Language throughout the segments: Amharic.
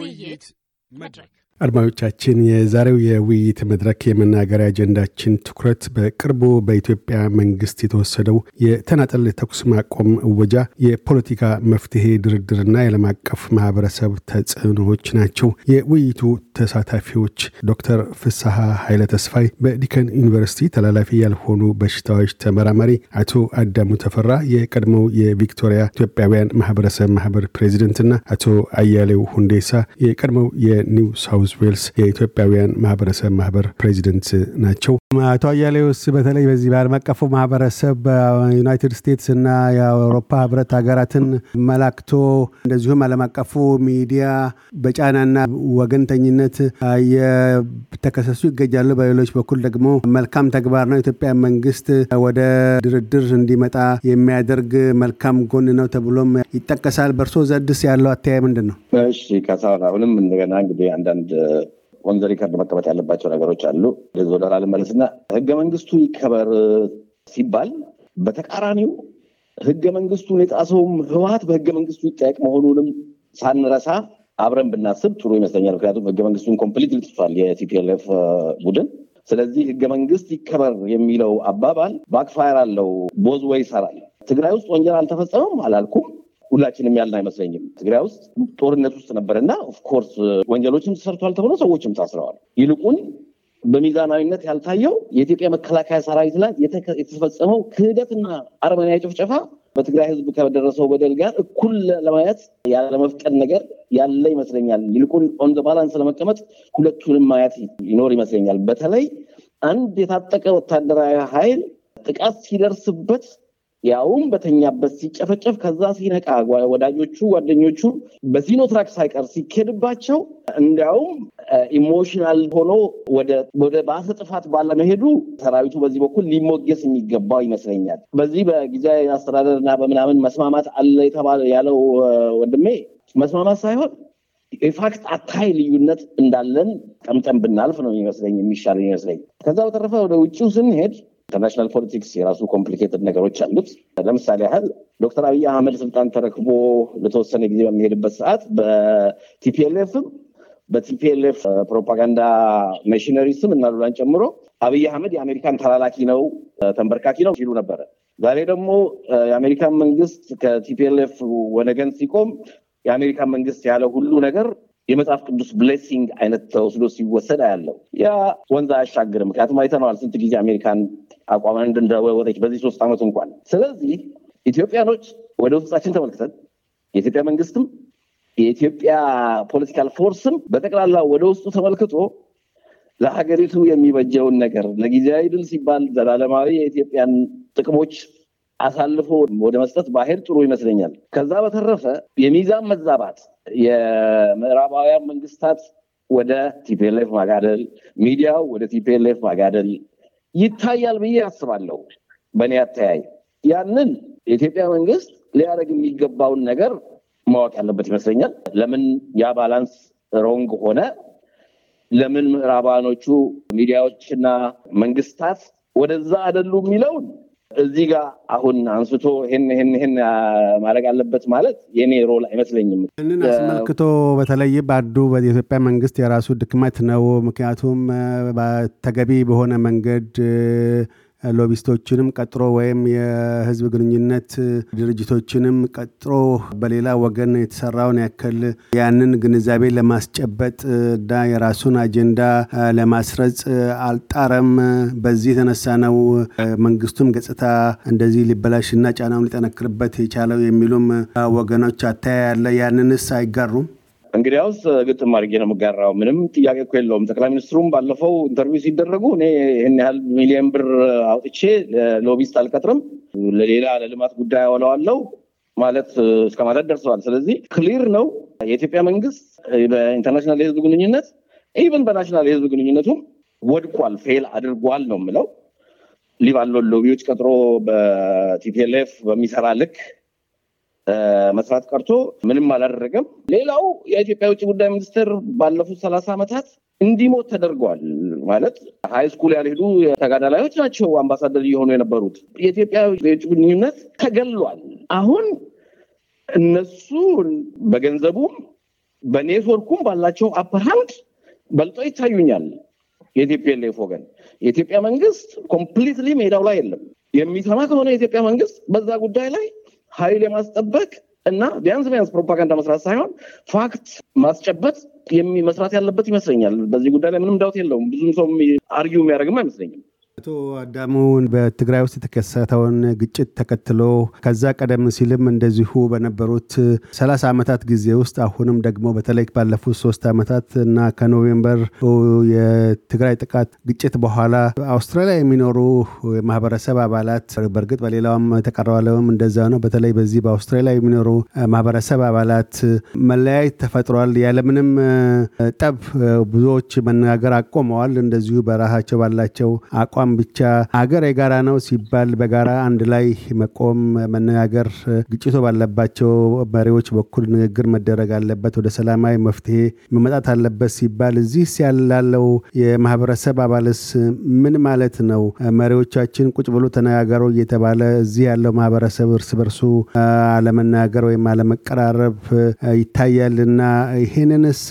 We hyd. Medrig. አድማጮቻችን የዛሬው የውይይት መድረክ የመናገሪያ አጀንዳችን ትኩረት በቅርቡ በኢትዮጵያ መንግስት የተወሰደው የተናጠል ተኩስ ማቆም እወጃ፣ የፖለቲካ መፍትሄ ድርድርና የዓለም አቀፍ ማህበረሰብ ተጽዕኖዎች ናቸው። የውይይቱ ተሳታፊዎች ዶክተር ፍስሐ ኃይለ ተስፋይ በዲከን ዩኒቨርሲቲ ተላላፊ ያልሆኑ በሽታዎች ተመራማሪ፣ አቶ አዳሙ ተፈራ የቀድሞው የቪክቶሪያ ኢትዮጵያውያን ማህበረሰብ ማህበር ፕሬዚደንትና አቶ አያሌው ሁንዴሳ የቀድሞው የኒው ሳውዝ ኒውስ ዌልስ የኢትዮጵያውያን ማህበረሰብ ማህበር ፕሬዚደንት ናቸው። አቶ አያሌውስ በተለይ በዚህ በዓለም አቀፉ ማህበረሰብ በዩናይትድ ስቴትስ እና የአውሮፓ ህብረት ሀገራትን መላክቶ እንደዚሁም ዓለም አቀፉ ሚዲያ በጫናና ወገንተኝነት የተከሰሱ ይገኛሉ። በሌሎች በኩል ደግሞ መልካም ተግባር ነው፣ ኢትዮጵያ መንግስት ወደ ድርድር እንዲመጣ የሚያደርግ መልካም ጎን ነው ተብሎም ይጠቀሳል። በእርሶ ዘድስ ያለው አተያይ ምንድን ነው? እሺ፣ ከሳሁን አሁንም እንደገና እንግዲህ አንዳንድ ኦን ዘ ሪከርድ መቀመጥ ያለባቸው ነገሮች አሉ። ወደዚህ ወደ ኋላ ልመለስና ህገ መንግስቱ ይከበር ሲባል በተቃራኒው ህገ መንግስቱን የጣሰውም ህወሀት በህገ መንግስቱ ይጠየቅ መሆኑንም ሳንረሳ አብረን ብናስብ ጥሩ ይመስለኛል። ምክንያቱም ህገ መንግስቱን ኮምፕሊት ልጥፋል የቲፒኤልኤፍ ቡድን። ስለዚህ ህገ መንግስት ይከበር የሚለው አባባል ባክፋየር አለው፣ ቦዝ ወይ ይሰራል። ትግራይ ውስጥ ወንጀል አልተፈጸመም አላልኩም ሁላችንም ያልን አይመስለኝም። ትግራይ ውስጥ ጦርነት ውስጥ ነበርና ኦፍኮርስ ወንጀሎችም ተሰርቷል ተብሎ ሰዎችም ታስረዋል። ይልቁን በሚዛናዊነት ያልታየው የኢትዮጵያ መከላከያ ሰራዊት ላይ የተፈጸመው ክህደትና አረመኔያዊ ጭፍጨፋ በትግራይ ሕዝብ ከደረሰው በደል ጋር እኩል ለማየት ያለመፍቀድ ነገር ያለ ይመስለኛል። ይልቁን ኦን ዘ ባላንስ ለመቀመጥ ሁለቱንም ማየት ይኖር ይመስለኛል። በተለይ አንድ የታጠቀ ወታደራዊ ኃይል ጥቃት ሲደርስበት ያውም በተኛበት ሲጨፈጨፍ ከዛ ሲነቃ ወዳጆቹ ጓደኞቹ በሲኖ ትራክ ሳይቀር ሲኬድባቸው እንዲያውም ኢሞሽናል ሆኖ ወደ ባሰ ጥፋት ባለመሄዱ ሰራዊቱ በዚህ በኩል ሊሞገስ የሚገባው ይመስለኛል። በዚህ በጊዜያዊ አስተዳደርና በምናምን መስማማት አለ የተባለ ያለው ወንድሜ መስማማት ሳይሆን የፋክት አታይ ልዩነት እንዳለን ቀምጠን ብናልፍ ነው የሚመስለኝ የሚሻል ይመስለኝ። ከዛ በተረፈ ወደ ውጭው ስንሄድ ኢንተርናሽናል ፖለቲክስ የራሱ ኮምፕሊኬትድ ነገሮች አሉት። ለምሳሌ ያህል ዶክተር አብይ አህመድ ስልጣን ተረክቦ ለተወሰነ ጊዜ በሚሄድበት ሰዓት በቲፒኤልኤፍም በቲፒኤልኤፍ ፕሮፓጋንዳ መሽነሪ ስም እና ሉላን ጨምሮ አብይ አህመድ የአሜሪካን ተላላኪ ነው፣ ተንበርካኪ ነው ሲሉ ነበረ። ዛሬ ደግሞ የአሜሪካን መንግስት ከቲፒኤልኤፍ ወነገን ሲቆም የአሜሪካን መንግስት ያለ ሁሉ ነገር የመጽሐፍ ቅዱስ ብሌሲንግ አይነት ተወስዶ ሲወሰድ አያለው። ያ ወንዝ አያሻግርም። ምክንያቱም አይተነዋል ስንት ጊዜ አሜሪካን አቋም አንድ በዚህ ሶስት ዓመቱ እንኳን። ስለዚህ ኢትዮጵያኖች ወደ ውስጣችን ተመልክተን የኢትዮጵያ መንግስትም የኢትዮጵያ ፖለቲካል ፎርስም በጠቅላላ ወደ ውስጡ ተመልክቶ ለሀገሪቱ የሚበጀውን ነገር ለጊዜያዊ ድል ሲባል ዘላለማዊ የኢትዮጵያን ጥቅሞች አሳልፎ ወደ መስጠት ባሄድ ጥሩ ይመስለኛል። ከዛ በተረፈ የሚዛን መዛባት የምዕራባውያን መንግስታት ወደ ቲፒኤልኤፍ ማጋደል፣ ሚዲያው ወደ ቲፒኤልኤፍ ማጋደል፣ ይታያል ብዬ አስባለሁ። በእኔ አተያይ ያንን የኢትዮጵያ መንግስት ሊያደረግ የሚገባውን ነገር ማወቅ ያለበት ይመስለኛል። ለምን ያ ባላንስ ሮንግ ሆነ? ለምን ምዕራባኖቹ ሚዲያዎችና መንግስታት ወደዛ አይደሉ የሚለውን እዚህ ጋር አሁን አንስቶ ይህን ይህን ይህን ማድረግ አለበት ማለት የኔ ሮል አይመስለኝም። ይህንን አስመልክቶ በተለይ በአንዱ የኢትዮጵያ መንግስት የራሱ ድክመት ነው። ምክንያቱም ተገቢ በሆነ መንገድ ሎቢስቶችንም ቀጥሮ ወይም የህዝብ ግንኙነት ድርጅቶችንም ቀጥሮ በሌላ ወገን የተሰራውን ያክል ያንን ግንዛቤ ለማስጨበጥ እና የራሱን አጀንዳ ለማስረጽ አልጣረም። በዚህ የተነሳ ነው መንግስቱም ገጽታ እንደዚህ ሊበላሽና ጫናውን ሊጠነክርበት የቻለው የሚሉም ወገኖች አታያ ያለ ያንንስ አይጋሩም? እንግዲያውስ ግጥም አድርጌ ነው የምጋራው። ምንም ጥያቄ እኮ የለውም። ጠቅላይ ሚኒስትሩም ባለፈው ኢንተርቪው ሲደረጉ እኔ ይህን ያህል ሚሊዮን ብር አውጥቼ ሎቢስት አልቀጥርም፣ ለሌላ ለልማት ጉዳይ አውለዋለሁ ማለት እስከ ማለት ደርሰዋል። ስለዚህ ክሊር ነው የኢትዮጵያ መንግስት በኢንተርናሽናል የህዝብ ግንኙነት ኢቨን በናሽናል የህዝብ ግንኙነቱም ወድቋል፣ ፌል አድርጓል ነው የምለው ሊባሎን ሎቢዎች ቀጥሮ በቲፒልፍ በሚሰራ ልክ መስራት ቀርቶ ምንም አላደረገም። ሌላው የኢትዮጵያ ውጭ ጉዳይ ሚኒስትር ባለፉት ሰላሳ ዓመታት እንዲሞት ተደርጓል። ማለት ሀይ ስኩል ያልሄዱ ተጋዳላዮች ናቸው አምባሳደር እየሆኑ የነበሩት። የኢትዮጵያ የውጭ ግንኙነት ተገሏል። አሁን እነሱ በገንዘቡም በኔትወርኩም ባላቸው አፐርሃንድ በልጦ ይታዩኛል። የኢትዮጵያ ወገን የኢትዮጵያ መንግስት ኮምፕሊትሊ ሜዳው ላይ የለም። የሚሰማ ከሆነ የኢትዮጵያ መንግስት በዛ ጉዳይ ላይ ኃይል የማስጠበቅ እና ቢያንስ ቢያንስ ፕሮፓጋንዳ መስራት ሳይሆን ፋክት ማስጨበጥ መስራት ያለበት ይመስለኛል። በዚህ ጉዳይ ላይ ምንም ዳውት የለውም። ብዙም ሰው አርጊው የሚያደርግም አይመስለኝም። አቶ አዳሙ በትግራይ ውስጥ የተከሰተውን ግጭት ተከትሎ ከዛ ቀደም ሲልም እንደዚሁ በነበሩት ሰላሳ ዓመታት ጊዜ ውስጥ አሁንም ደግሞ በተለይ ባለፉት ሶስት ዓመታት እና ከኖቬምበር የትግራይ ጥቃት ግጭት በኋላ አውስትራሊያ የሚኖሩ የማህበረሰብ አባላት በእርግጥ በሌላውም ተቀረዋለውም እንደዛ ነው። በተለይ በዚህ በአውስትራሊያ የሚኖሩ ማህበረሰብ አባላት መለያየት ተፈጥሯል። ያለምንም ጠብ ብዙዎች መነጋገር አቆመዋል። እንደዚሁ በራሳቸው ባላቸው አቋም መቃወም ብቻ አገር የጋራ ነው ሲባል በጋራ አንድ ላይ መቆም፣ መነጋገር፣ ግጭቶ ባለባቸው መሪዎች በኩል ንግግር መደረግ አለበት፣ ወደ ሰላማዊ መፍትሄ መመጣት አለበት ሲባል እዚህ ያላለው የማህበረሰብ አባልስ ምን ማለት ነው? መሪዎቻችን ቁጭ ብሎ ተነጋገሩ እየተባለ እዚህ ያለው ማህበረሰብ እርስ በርሱ አለመናገር ወይም አለመቀራረብ ይታያልና ይሄንንስ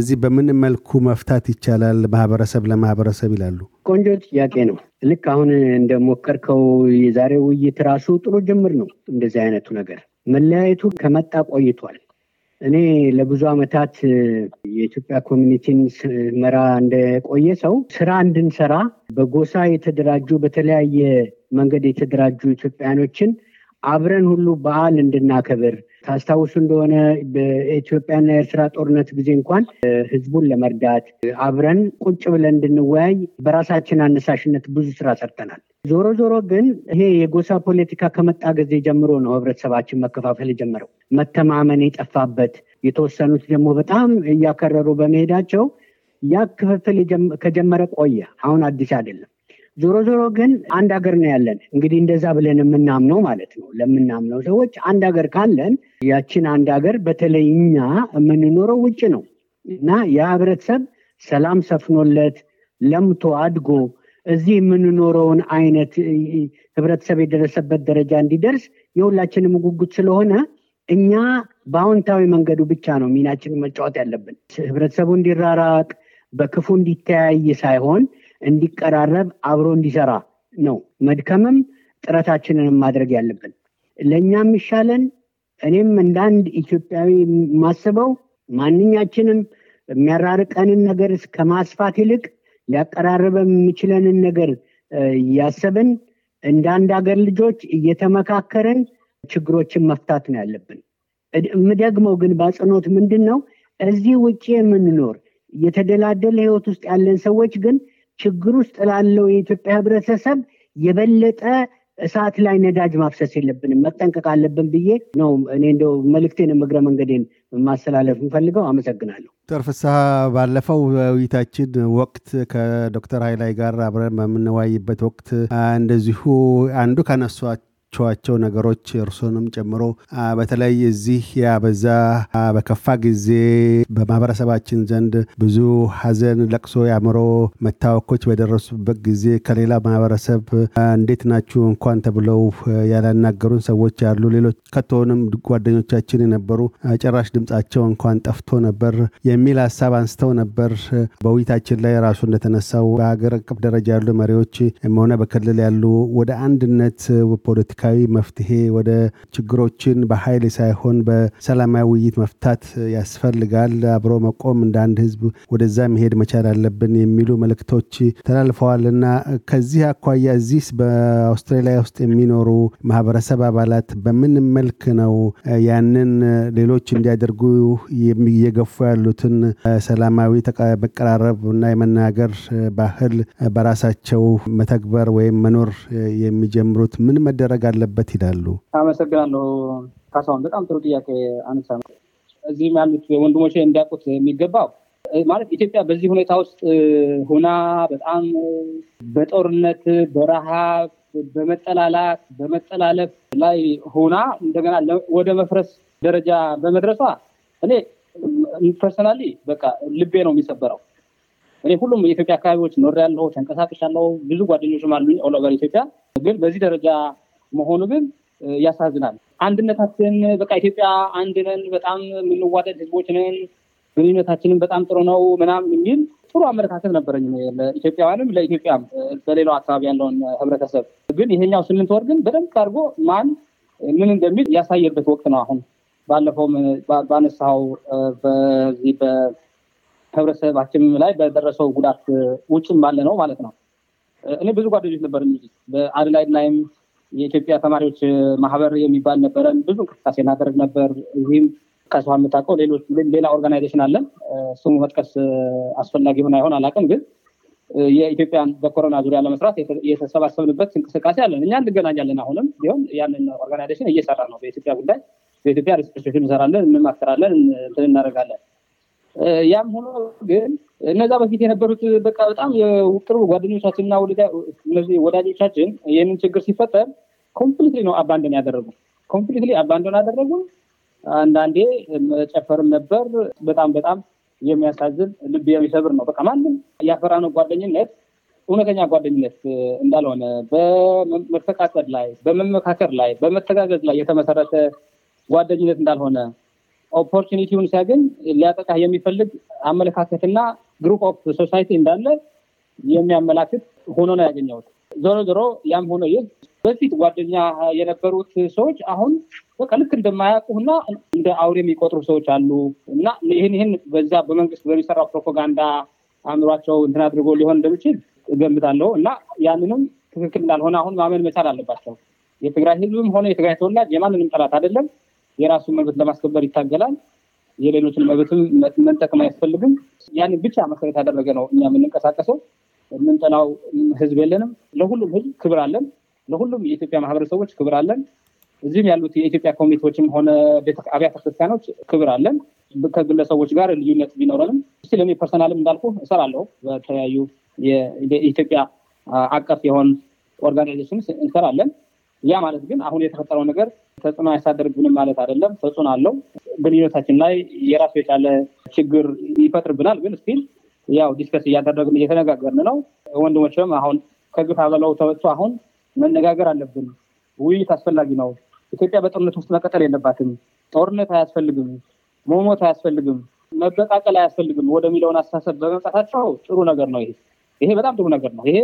እዚህ በምን መልኩ መፍታት ይቻላል ማህበረሰብ ለማህበረሰብ ይላሉ። ቆንጆ ጥያቄ ነው። ልክ አሁን እንደሞከርከው የዛሬ ውይይት ራሱ ጥሩ ጅምር ነው። እንደዚህ አይነቱ ነገር መለያየቱ ከመጣ ቆይቷል። እኔ ለብዙ ዓመታት የኢትዮጵያ ኮሚኒቲን መራ እንደቆየ ሰው ስራ እንድንሰራ በጎሳ የተደራጁ በተለያየ መንገድ የተደራጁ ኢትዮጵያኖችን አብረን ሁሉ በዓል እንድናከብር ታስታውሱ እንደሆነ በኢትዮጵያና የኤርትራ ጦርነት ጊዜ እንኳን ህዝቡን ለመርዳት አብረን ቁጭ ብለን እንድንወያይ በራሳችን አነሳሽነት ብዙ ስራ ሰርተናል። ዞሮ ዞሮ ግን ይሄ የጎሳ ፖለቲካ ከመጣ ጊዜ ጀምሮ ነው ህብረተሰባችን መከፋፈል የጀመረው። መተማመን የጠፋበት የተወሰኑት ደግሞ በጣም እያከረሩ በመሄዳቸው ያ ክፍፍል ከጀመረ ቆየ። አሁን አዲስ አይደለም። ዞሮ ዞሮ ግን አንድ ሀገር ነው ያለን። እንግዲህ እንደዛ ብለን የምናምነው ማለት ነው። ለምናምነው ሰዎች አንድ ሀገር ካለን ያችን አንድ ሀገር በተለይ እኛ የምንኖረው ውጭ ነው እና የህብረተሰብ ሰላም ሰፍኖለት ለምቶ አድጎ እዚህ የምንኖረውን አይነት ህብረተሰብ የደረሰበት ደረጃ እንዲደርስ የሁላችንም ጉጉት ስለሆነ እኛ በአዎንታዊ መንገዱ ብቻ ነው ሚናችን መጫወት ያለብን። ህብረተሰቡ እንዲራራቅ በክፉ እንዲተያይ ሳይሆን እንዲቀራረብ አብሮ እንዲሰራ ነው መድከምም ጥረታችንን ማድረግ ያለብን። ለእኛ የሚሻለን እኔም እንደ አንድ ኢትዮጵያዊ ማስበው ማንኛችንም የሚያራርቀንን ነገር ከማስፋት ይልቅ ሊያቀራረበ የሚችለንን ነገር እያሰብን እንደ አንድ ሀገር ልጆች እየተመካከርን ችግሮችን መፍታት ነው ያለብን። የምደግመው ግን በጽኖት ምንድን ነው እዚህ ውጭ የምንኖር የተደላደለ ህይወት ውስጥ ያለን ሰዎች ግን ችግር ውስጥ ላለው የኢትዮጵያ ህብረተሰብ የበለጠ እሳት ላይ ነዳጅ ማፍሰስ የለብንም፣ መጠንቀቅ አለብን ብዬ ነው እኔ እንደው መልእክቴን እግረ መንገዴን ማስተላለፍ የምፈልገው አመሰግናለሁ። ዶክተር ፍስሐ ባለፈው ውይይታችን ወቅት ከዶክተር ኃይላይ ጋር አብረን በምንወያይበት ወቅት እንደዚሁ አንዱ ካነሷቸው ያያችኋቸው ነገሮች እርሱንም ጨምሮ በተለይ እዚህ ያበዛ በከፋ ጊዜ በማህበረሰባችን ዘንድ ብዙ ሀዘን፣ ለቅሶ፣ የአእምሮ መታወኮች በደረሱበት ጊዜ ከሌላ ማህበረሰብ እንዴት ናችሁ እንኳን ተብለው ያላናገሩን ሰዎች ያሉ፣ ሌሎች ከቶሆንም ጓደኞቻችን የነበሩ ጭራሽ ድምጻቸው እንኳን ጠፍቶ ነበር የሚል ሀሳብ አንስተው ነበር። በውይይታችን ላይ ራሱ እንደተነሳው በሀገር አቀፍ ደረጃ ያሉ መሪዎች ሆነ በክልል ያሉ ወደ አንድነት ፖለቲካ ፖለቲካዊ መፍትሄ ወደ ችግሮችን በኃይል ሳይሆን በሰላማዊ ውይይት መፍታት ያስፈልጋል። አብሮ መቆም እንደ አንድ ህዝብ ወደዛ መሄድ መቻል አለብን የሚሉ መልእክቶች ተላልፈዋል እና ከዚህ አኳያ እዚህ በአውስትራሊያ ውስጥ የሚኖሩ ማህበረሰብ አባላት በምን መልክ ነው ያንን ሌሎች እንዲያደርጉ እየገፉ ያሉትን ሰላማዊ መቀራረብ እና የመናገር ባህል በራሳቸው መተግበር ወይም መኖር የሚጀምሩት ምን መደረግ ወዳለበት ይላሉ። አመሰግናለሁ ካሳሁን፣ በጣም ጥሩ ጥያቄ አነሳ። እዚህም ያሉት ወንድሞች እንዲያውቁት የሚገባው ማለት ኢትዮጵያ በዚህ ሁኔታ ውስጥ ሁና በጣም በጦርነት በረሃብ በመጠላላት በመጠላለፍ ላይ ሆና እንደገና ወደ መፍረስ ደረጃ በመድረሷ እኔ ፐርሰናሊ በቃ ልቤ ነው የሚሰበረው። እኔ ሁሉም የኢትዮጵያ አካባቢዎች ኖር ያለው ያለው ብዙ ጓደኞችም አሉኝ ኦል ኢትዮጵያ። ግን በዚህ ደረጃ መሆኑ ግን ያሳዝናል። አንድነታችን በቃ ኢትዮጵያ አንድ ነን፣ በጣም የምንዋደድ ህዝቦች ነን፣ ግንኙነታችንን በጣም ጥሩ ነው ምናምን የሚል ጥሩ አመለካከት ነበረኝ ለኢትዮጵያውያንም ለኢትዮጵያም በሌላው አካባቢ ያለውን ህብረተሰብ። ግን ይሄኛው ስምንት ወር ግን በደንብ አድርጎ ማን ምን እንደሚል ያሳየበት ወቅት ነው። አሁን ባለፈው ባነሳው በዚህ በህብረተሰባችን ላይ በደረሰው ጉዳት ውጭም ባለ ነው ማለት ነው። እኔ ብዙ ጓደኞች ነበር በአድላይድ ላይም የኢትዮጵያ ተማሪዎች ማህበር የሚባል ነበረን። ብዙ እንቅስቃሴ እናደርግ ነበር። እዚህም ከሰው የምታውቀው ሌሎች ሌላ ኦርጋናይዜሽን አለን። ስሙ መጥቀስ አስፈላጊ ሆን አይሆን አላውቅም፣ ግን የኢትዮጵያን በኮሮና ዙሪያ ለመስራት የተሰባሰብንበት እንቅስቃሴ አለን። እኛ እንገናኛለን። አሁንም ቢሆን ያንን ኦርጋናይዜሽን እየሰራ ነው። በኢትዮጵያ ጉዳይ በኢትዮጵያ ሪሰርቾችን እንሰራለን፣ እንማክራለን፣ እናደርጋለን። ያም ሆኖ ግን እነዛ በፊት የነበሩት በቃ በጣም የውቅር ጓደኞቻችንና እነዚህ ወዳጆቻችን ይህንን ችግር ሲፈጠር ኮምፕሊትሊ ነው አባንደን ያደረጉ ኮምፕሊትሊ አባንደን አደረጉ። አንዳንዴ መጨፈርም ነበር። በጣም በጣም የሚያሳዝን ልብ የሚሰብር ነው። በቃ ማንም ነው ጓደኝነት እውነተኛ ጓደኝነት እንዳልሆነ በመፈቃቀድ ላይ፣ በመመካከር ላይ፣ በመተጋገዝ ላይ የተመሰረተ ጓደኝነት እንዳልሆነ ኦፖርቹኒቲውን ሲያገኝ ሊያጠቃህ የሚፈልግ አመለካከትና ግሩፕ ኦፍ ሶሳይቲ እንዳለ የሚያመላክት ሆኖ ነው ያገኘሁት። ዞሮ ዞሮ ያም ሆኖ ይህ በፊት ጓደኛ የነበሩት ሰዎች አሁን በቃ ልክ እንደማያውቁና እንደ አውሬ የሚቆጥሩ ሰዎች አሉ እና ይህን ይህን በዛ በመንግስት በሚሰራው ፕሮፓጋንዳ አእምሯቸው እንትን አድርጎ ሊሆን እንደሚችል እገምታለሁ እና ያንንም ትክክል እንዳልሆነ አሁን ማመን መቻል አለባቸው። የትግራይ ህዝብም ሆነ የትግራይ ተወላጅ የማንንም ጠላት አይደለም። የራሱን መብት ለማስከበር ይታገላል። የሌሎችን መብት መንጠቅም አያስፈልግም። ያንን ብቻ መሰረት ያደረገ ነው እኛ የምንንቀሳቀሰው። የምንጠላው ህዝብ የለንም። ለሁሉም ህዝብ ክብር አለን። ለሁሉም የኢትዮጵያ ማህበረሰቦች ክብር አለን። እዚህም ያሉት የኢትዮጵያ ኮሚቴዎችም ሆነ አብያተ ክርስቲያኖች ክብር አለን። ከግለሰቦች ጋር ልዩነት ቢኖረንም እስ ለእኔ ፐርሰናልም እንዳልኩ እሰራለሁ። በተለያዩ የኢትዮጵያ አቀፍ የሆን ኦርጋናይዜሽን እንሰራለን። ያ ማለት ግን አሁን የተፈጠረው ነገር ተጽዕኖ አያሳደርብንም ማለት አይደለም። ተጽዕኖ አለው። ግንኙነታችን ላይ የራሱ የቻለ ችግር ይፈጥርብናል። ግን ስቲል ያው ዲስከስ እያደረግን እየተነጋገርን ነው። ወንድሞችም አሁን ከግፍ አበላው ተወጥቶ አሁን መነጋገር አለብን። ውይይት አስፈላጊ ነው። ኢትዮጵያ በጦርነት ውስጥ መቀጠል የለባትም። ጦርነት አያስፈልግም፣ መሞት አያስፈልግም፣ መበቃቀል አያስፈልግም ወደሚለውን አስተሳሰብ በመምጣታቸው ጥሩ ነገር ነው። ይሄ ይሄ በጣም ጥሩ ነገር ነው። ይሄ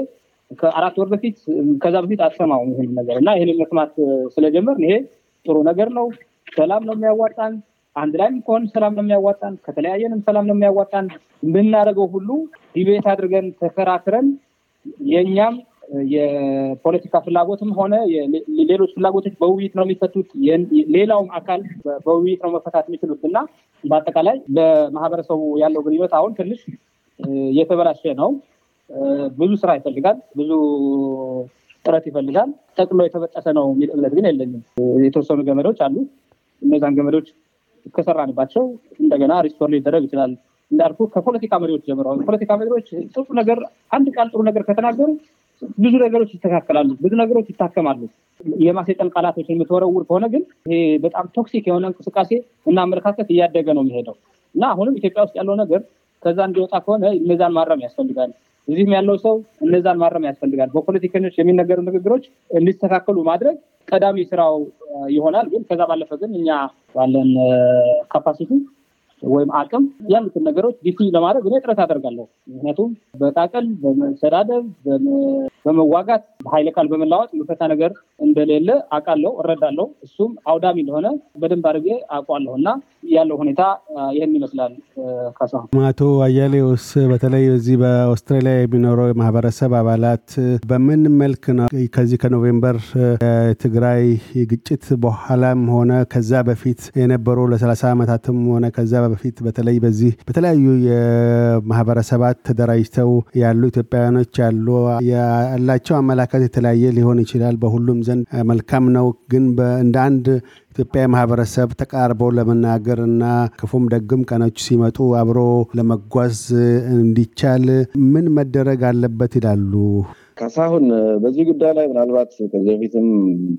ከአራት ወር በፊት ከዛ በፊት አሰማው ይህን ነገር እና ይህንን መስማት ስለጀመር ይሄ ጥሩ ነገር ነው። ሰላም ነው የሚያዋጣን። አንድ ላይም ከሆን ሰላም ነው የሚያዋጣን፣ ከተለያየንም ሰላም ነው የሚያዋጣን። የምናደርገው ሁሉ ዲቤት አድርገን ተከራክረን የእኛም የፖለቲካ ፍላጎትም ሆነ ሌሎች ፍላጎቶች በውይይት ነው የሚፈቱት። ሌላውም አካል በውይይት ነው መፈታት የሚችሉት እና በአጠቃላይ በማህበረሰቡ ያለው ግንኙነት አሁን ትንሽ የተበላሸ ነው። ብዙ ስራ ይፈልጋል፣ ብዙ ጥረት ይፈልጋል። ጠቅሎ የተበጠሰ ነው የሚል እምነት ግን የለኝም። የተወሰኑ ገመዶች አሉ። እነዛን ገመዶች ከሰራንባቸው እንደገና ሪስቶር ሊደረግ ይችላል። እንዳልኩ ከፖለቲካ መሪዎች ጀምረ ፖለቲካ መሪዎች ጥሩ ነገር አንድ ቃል ጥሩ ነገር ከተናገሩ ብዙ ነገሮች ይስተካከላሉ፣ ብዙ ነገሮች ይታከማሉ። የማሰልጠን ቃላቶችን የምትወረውር ከሆነ ግን ይሄ በጣም ቶክሲክ የሆነ እንቅስቃሴ እና አመለካከት እያደገ ነው የሚሄደው እና አሁንም ኢትዮጵያ ውስጥ ያለው ነገር ከዛ እንዲወጣ ከሆነ እነዛን ማረም ያስፈልጋል። እዚህም ያለው ሰው እነዛን ማረም ያስፈልጋል። በፖለቲከኞች የሚነገሩ ንግግሮች እንዲስተካከሉ ማድረግ ቀዳሚ ስራው ይሆናል። ግን ከዛ ባለፈ ግን እኛ ባለን ካፓሲቲ ወይም አቅም ያሉትን ነገሮች ዲፊን ለማድረግ እኔ ጥረት አደርጋለሁ። ምክንያቱም በጣቀል በመሰዳደብ፣ በመዋጋት በሀይለ ቃል በመላዋጥ የምፈታ ነገር እንደሌለ አውቃለሁ፣ እረዳለሁ። እሱም አውዳሚ እንደሆነ በደንብ አድርጌ አውቃለሁ እና ያለው ሁኔታ ይህን ይመስላል። ካሳሁን አቶ አያሌውስ በተለይ በዚህ በአውስትራሊያ የሚኖረው የማህበረሰብ አባላት በምን መልክ ነው ከዚህ ከኖቬምበር የትግራይ ግጭት በኋላም ሆነ ከዛ በፊት የነበሩ ለሰላሳ ዓመታትም ሆነ ከዛ በፊት በተለይ በዚህ በተለያዩ የማህበረሰባት ተደራጅተው ያሉ ኢትዮጵያውያኖች ያሉ ያላቸው አመላከት የተለያየ ሊሆን ይችላል። በሁሉም ዘንድ መልካም ነው። ግን እንደ አንድ ኢትዮጵያ ማህበረሰብ ተቃርበው ለመናገር እና ክፉም ደግም ቀኖች ሲመጡ አብሮ ለመጓዝ እንዲቻል ምን መደረግ አለበት ይላሉ? ካሳሁን በዚህ ጉዳይ ላይ ምናልባት ከዚህ በፊትም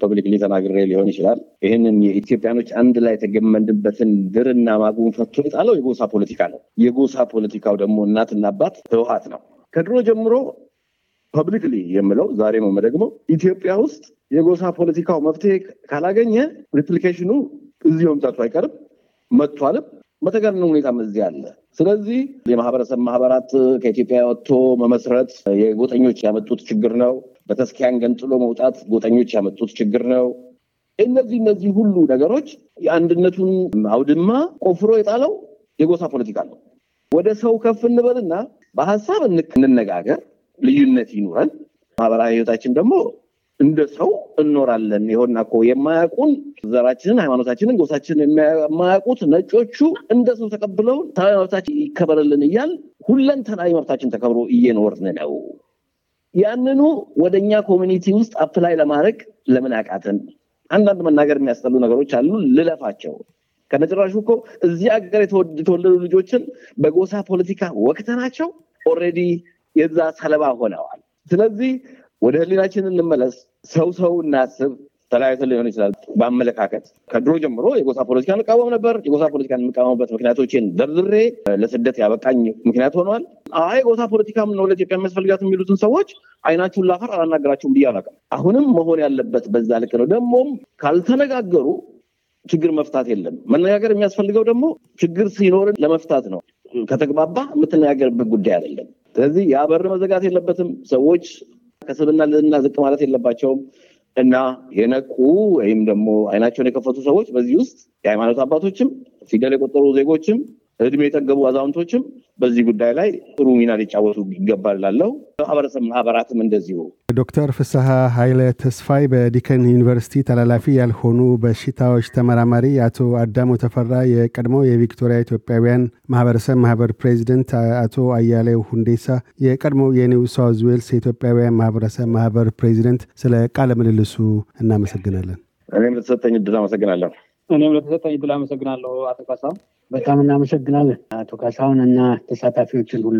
ፐብሊክሊ ተናግሬ ሊሆን ይችላል። ይህንን የኢትዮጵያኖች አንድ ላይ የተገመድበትን ድርና ማጉን ፈቶ የጣለው የጎሳ ፖለቲካ ነው። የጎሳ ፖለቲካው ደግሞ እናትና አባት ህወሓት ነው። ከድሮ ጀምሮ ፐብሊክሊ የምለው ዛሬ መመ ደግሞ ኢትዮጵያ ውስጥ የጎሳ ፖለቲካው መፍትሄ ካላገኘ ሪፕሊኬሽኑ እዚህ መምጣቱ አይቀርም። መጥቷልም በተጋነነ ሁኔታም እዚህ አለ ስለዚህ የማህበረሰብ ማህበራት ከኢትዮጵያ ወጥቶ መመስረት የጎጠኞች ያመጡት ችግር ነው። በተስኪያን ገንጥሎ መውጣት ጎጠኞች ያመጡት ችግር ነው። እነዚህ እነዚህ ሁሉ ነገሮች የአንድነቱን አውድማ ቆፍሮ የጣለው የጎሳ ፖለቲካ ነው። ወደ ሰው ከፍ እንበልና በሀሳብ እንነጋገር፣ ልዩነት ይኑረን፣ ማህበራዊ ህይወታችን ደግሞ እንደ ሰው እንኖራለን። ይሆና እኮ የማያውቁን ዘራችንን፣ ሃይማኖታችንን፣ ጎሳችንን የማያውቁት ነጮቹ እንደሰው ተቀብለው ሰብአዊ መብታችን ይከበርልን እያል ሁለንተናዊ መብታችን ተከብሮ እየኖርን ነው። ያንኑ ወደ እኛ ኮሚኒቲ ውስጥ አፕላይ ለማድረግ ለምን አቃትን? አንዳንድ መናገር የሚያስጠሉ ነገሮች አሉ፣ ልለፋቸው። ከነጭራሹ እኮ እዚህ ሀገር የተወለዱ ልጆችን በጎሳ ፖለቲካ ወቅተ ናቸው ኦልሬዲ የዛ ሰለባ ሆነዋል። ስለዚህ ወደ ህሊናችን እንመለስ። ሰው ሰው እናስብ። ተለያይተን ሊሆን ይችላል። በአመለካከት ከድሮ ጀምሮ የጎሳ ፖለቲካን እንቃወም ነበር። የጎሳ ፖለቲካ የምቃወምበት ምክንያቶችን ደርድሬ ለስደት ያበቃኝ ምክንያት ሆኗል። አይ ጎሳ ፖለቲካም ነው ለኢትዮጵያ የሚያስፈልጋት የሚሉትን ሰዎች አይናችሁን ላፈር አላናገራችሁም ብዬ አላውቅም። አሁንም መሆን ያለበት በዛ ልክ ነው። ደግሞም ካልተነጋገሩ ችግር መፍታት የለም። መነጋገር የሚያስፈልገው ደግሞ ችግር ሲኖርን ለመፍታት ነው። ከተግባባ የምትነጋገርበት ጉዳይ አይደለም። ስለዚህ ያ በር መዘጋት የለበትም። ሰዎች ከስብና ልዕልና ዝቅ ማለት የለባቸውም እና የነቁ ወይም ደግሞ አይናቸውን የከፈቱ ሰዎች በዚህ ውስጥ የሃይማኖት አባቶችም ፊደል የቆጠሩ ዜጎችም እድሜ የጠገቡ አዛውንቶችም በዚህ ጉዳይ ላይ ጥሩ ሚና ሊጫወቱ ይገባል ላለው ማህበረሰብ ማህበራትም እንደዚሁ ዶክተር ፍስሐ ኃይለ ተስፋይ በዲከን ዩኒቨርሲቲ ተላላፊ ያልሆኑ በሽታዎች ተመራማሪ፣ አቶ አዳሙ ተፈራ የቀድሞ የቪክቶሪያ ኢትዮጵያውያን ማህበረሰብ ማህበር ፕሬዚደንት፣ አቶ አያሌው ሁንዴሳ የቀድሞ የኒው ሳውዝ ዌልስ የኢትዮጵያውያን ማህበረሰብ ማህበር ፕሬዚደንት፣ ስለ ቃለ ምልልሱ እናመሰግናለን። እኔም ለተሰጠኝ እድል አመሰግናለሁ። እኔም ለተሰጠኝ እድል አመሰግናለሁ። አቶ ካሳሁን በጣም እናመሰግናለን። አቶ ካሳሁን እና ተሳታፊዎችን ሁሉ